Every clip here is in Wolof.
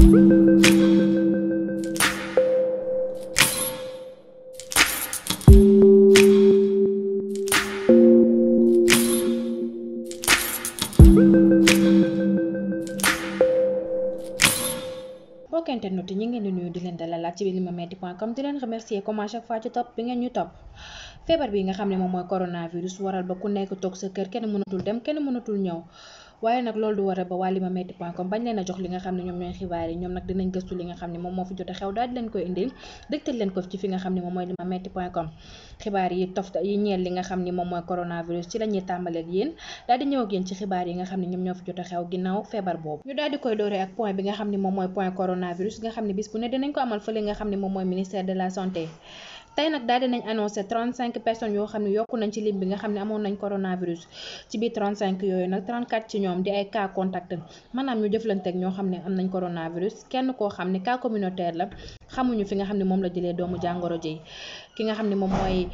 mbokk internet ñu ngeen di nuyu di leen dalalaat ci limametti.com di leen remercier comme à chaque fois ci topp bi ngeen ñu topp feebar bi nga xam ne moom coronavirus waral ba ku nekk toog sa kër kenn mënatul dem kenn mënatul ñëw waaye nag loolu du war a ba waa limametti point com bañ leen a jox li nga xam ne ñoom ñooy xibaar yi ñoom nag dinañ gëstu li nga xam ne moom moo fi jot a xew xam ne moom mooy limametti point com xibaar yi tofta yi ñeel li nga xam ni moom mooy coronavirus ci la ñuy tàmbaleeg yéen daal di ñëw ak yéen ci xibaar yi nga xam ne ñoom ñoo fi jot a xew ginnaaw feebar boobu ñu daal koy dooree ak point bi nga xam ne moom mooy point coronavirus nga xam ne bis bu ne dinañ ko amal fële nga tey nag daal dinañ annoncé 35 personnes yoo xam ne yokku nañ ci lim bi nga xam ne amoon nañ coronavirus ci biir cinq yooyu nag 34 ci ñoom di ay cas contact maanaam ñu jëflanteeg ñoo xam ne am nañ coronavirus kenn koo xam ne kaa communautaire la xamuñu fi nga xam ne moom la jëlee doomu jàngoro ji ki nga xam ne moom mooy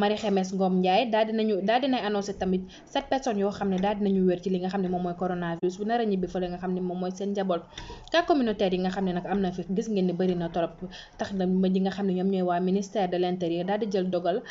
Marie Xemes Ngom Ndiaye daal dinañu daal dinay annoncé tamit yoo xam ne daal dinañu wér ci li nga xam ne moom mooy coronavirus a ñibbi fa li nga xam ne moom mooy seen njaboot cas communautaire yi nga xam ne nag na fi na torop tax na ñi nga xam ne ñoom ñooy waa ministère de l' intérieur daal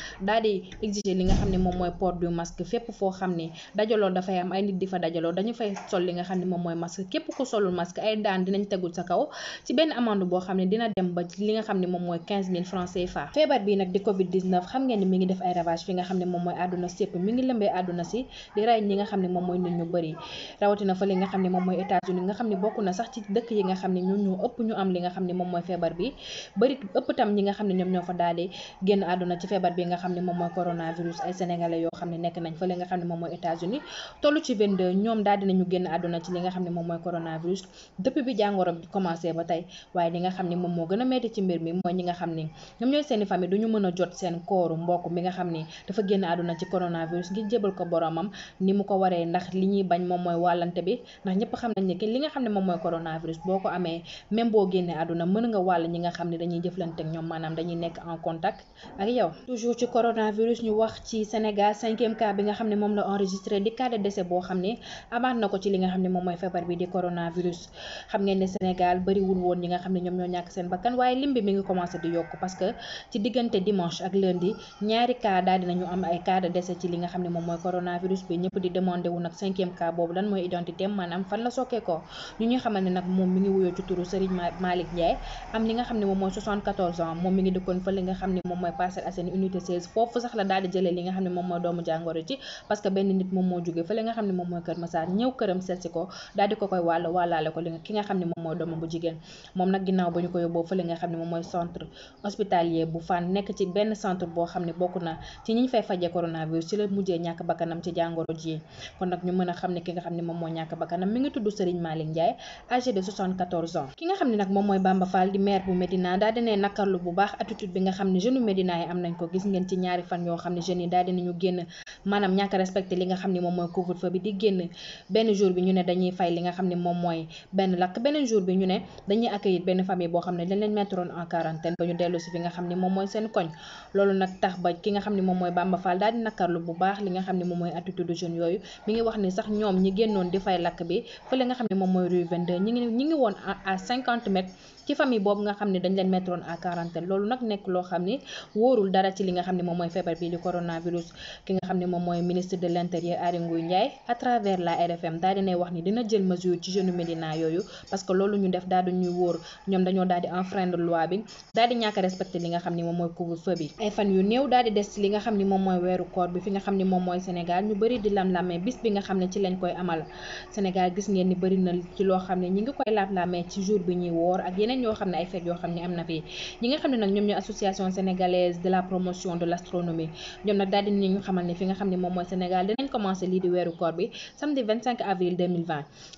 moom mooy port du masque fépp foo xam ne dajaloo dafay am ay nit di fa dajaloo dañu fay sol li nga xam ne moom mooy masque képp ku solul masque ay daan dinañ tegul sa kaw ci benn amande boo xam ne dina dem ba ba ci li nga xam ne moom mooy 15000 francs CFA feebar bi nag di covid 19 xam ngeen ni mi ngi def ay ravage fi nga xam ne moom mooy àdduna sépp mi ngi lëmbee àdduna si di rey ñi nga xam ne moom mooy nit ñu bëri rawatina fa li nga xam ne moom mooy États-Unis nga xam ne bokk na sax ci dëkk yi nga xam ne ñun ñoo ëpp ñu am li nga xam ne moom mooy feebar bi bëri ëpp tam ñi nga xam ne ñoom ñoo fa daal di génn àdduna ci feebar bi nga xam ne moom mooy coronavirus ay sénégalais yoo xam ne nekk nañ fa li nga xam ne moom mooy États-Unis toll ci 22 ñoom daal dinañu génn àdduna ci li nga xam ne moom mooy coronavirus depuis bi jàngoro bi commencé ba tey waaye li nga xam ne moom moo gën a metti ci mbir mi mooy ñi nga xam ni ñoom ñooy seeni famille duñu mën a jot seen kooru mbokk mi nga xam ni dafa génn àdduna ci coronavirus ngir jébal ko boromam ni mu ko waree ndax li ñuy bañ moom mooy wàllante bi ndax ñëpp xam nañ dañuy jëflante ñoom maanaam dañuy nekk en contact ak yow toujours ci coronavirus ñu wax ci Sénégal cinquième cas bi nga xam ne moom la enregistré di cas de boo xam ne amaat na ko ci li nga xam ne moom mooy feebar waaye lim bi mi ngi commencé di yokk parce que ci diggante dimanche ak lundi ñaari cas daal dinañu am ay cas de ci li nga xam ne moom mooy coronavirus bi ñëpp di demandé nag ci turu li nga xam ne moom mooy 74 ans moom mi ngi foofu sax la daal di li nga xam ne moom mooy doomu jàngoro ci parce benn nit moom moo jógee fa nga xam ne moom mooy Kër Massar ñëw këram seetsi ko daal di ko koy wàll wàllaale ko ki nga xam ne moom mooy doomam bu nga xam ne moom mooy centre hospitalier bu Fann nekk ci benn centre boo xam ne bokk na ci ñi ñu fajee coronavirus ci la mujjee ñàkk bakkanam ci jàngoro ji kon nag ñu mën a xam ne ki nga xam ne moom mooy Bamba di maire bu Médina daal dinay nakarlu bu baax attitude bi nga xam ne jeune Médina yi am nañ ko gis ngeen ci ñaari fan yoo xam ne jeunes yi daal dinañu génn maanaam ñàkk respecté li nga xam ne moom mooy couvre-feu bi di génn benn jour bi ñu mettroon en quarantaine ba ñu dellu si nga xam ni moom mooy seen koñ loolu nag tax ba ki nga xam ni moom mooy Bamba Fall daal di nakarlu bu baax li nga xam ni moom mooy attitude jeune yooyu mi ngi wax ni sax ñoom ñi génnoon di fay lakk bi fële nga xam ni moom mooy rue ñi ngi woon à 50 mètres ci famille boobu nga xam ne dañ leen mettroon à quarantaine loolu nag nekk loo xam ni wóorul dara ci li nga xam ne moom mooy feebar bi di coronavirus ki nga gàndu de la promotion de l'astronomie ñoom nag daal di ni ñu xamal ne fi nga xam ne moom mooy Sénégal dinañ commencé lii di weeru koor bi samedi avril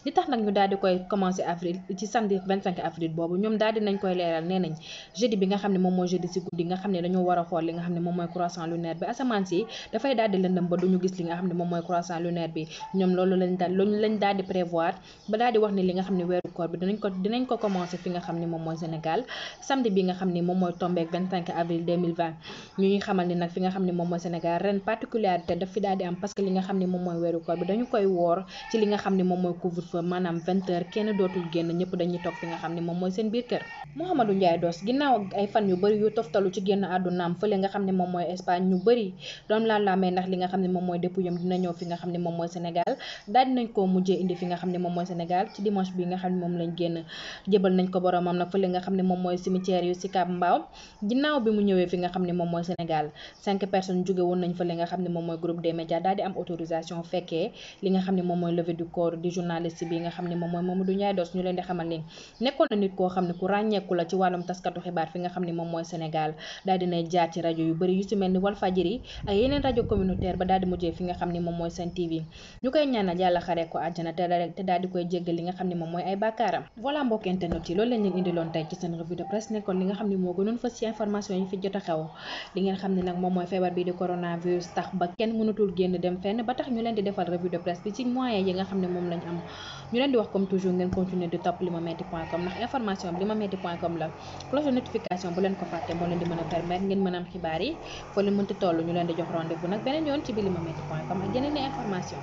li tax nag ñu daal koy commencé avril ci samedi avril boobu ñoom daal nañ koy leeral Sénégal nee nañ jeudi bi nga xam ne moom mooy jeudi si guddi nga xam ne dañoo war a xool li nga xam ne moom mooy croissant lunaire bi asamaan si dafay daal lëndëm ba duñu gis li nga xam ne moom mooy croissant lunaire bi ñoom loolu lañ daal loolu lañ daal di prévoir ba daal di wax ne li nga xam ne weeru koor bi dinañ ko mooy Sénégal samedi bi nga xam ne moom mooy tombeek avril ñu ñuy xamal ni nag fi nga xam ne moom mooy Sénégal ren particularité daf fi daal am parce li nga xam ne moom mooy weeru koor bi dañu koy woor ci li nga xam ne moom mooy couvre-feu maanaam kenn dootul génn Fallou Ndiaye Doss ginnaaw ak ay fan yu bëri yu toftalu ci génn àddunaam fële nga xam ne moom mooy Espagne ñu bëri doon laalaamee ndax li nga xam ne moom moom moom du corps du ñu leen di xamal ni nekkoon na nit koo xam ne ku ràññeeku la ci wàllum taskatu xibaar fi nga xam ne moom mooy Sénégal daal dinay jaar ci rajo yu bëri yu ci mel ni fajiri Fadjri ak yeneen rajo communautaire ba daal di mujjee fi nga xam ne moom mooy Sen TV ñu koy ñaanal yàlla xaree ko àjjana te te daal di koy jéggal li nga xam ne moom mooy ay bàkkaaram voilà mbokk internet yi loolu lañ leen indiloon tey ci seen revue de presse nekkoon li nga xam ne moo gënoon fës ci information yi fi jot a xew li ngeen xam ne nag moom mooy feebar bi di coronavirus tax ba kenn mënatul génn dem fenn ba tax ñu leen di defal revue de presse bi ci moyens yi nga xam ne moom lañ am ñu leen di wax comme toujours ngeen continuer di topp limametti ndax information bi limametti la la cloche de notification bu leen ko fàtte moo leen di mën a permettre ngeen mën a am xibaar yi foo leen mënti toll ñu leen di jox rendez-vous nag beneen yoon ci Limametti point com ak yeneen i information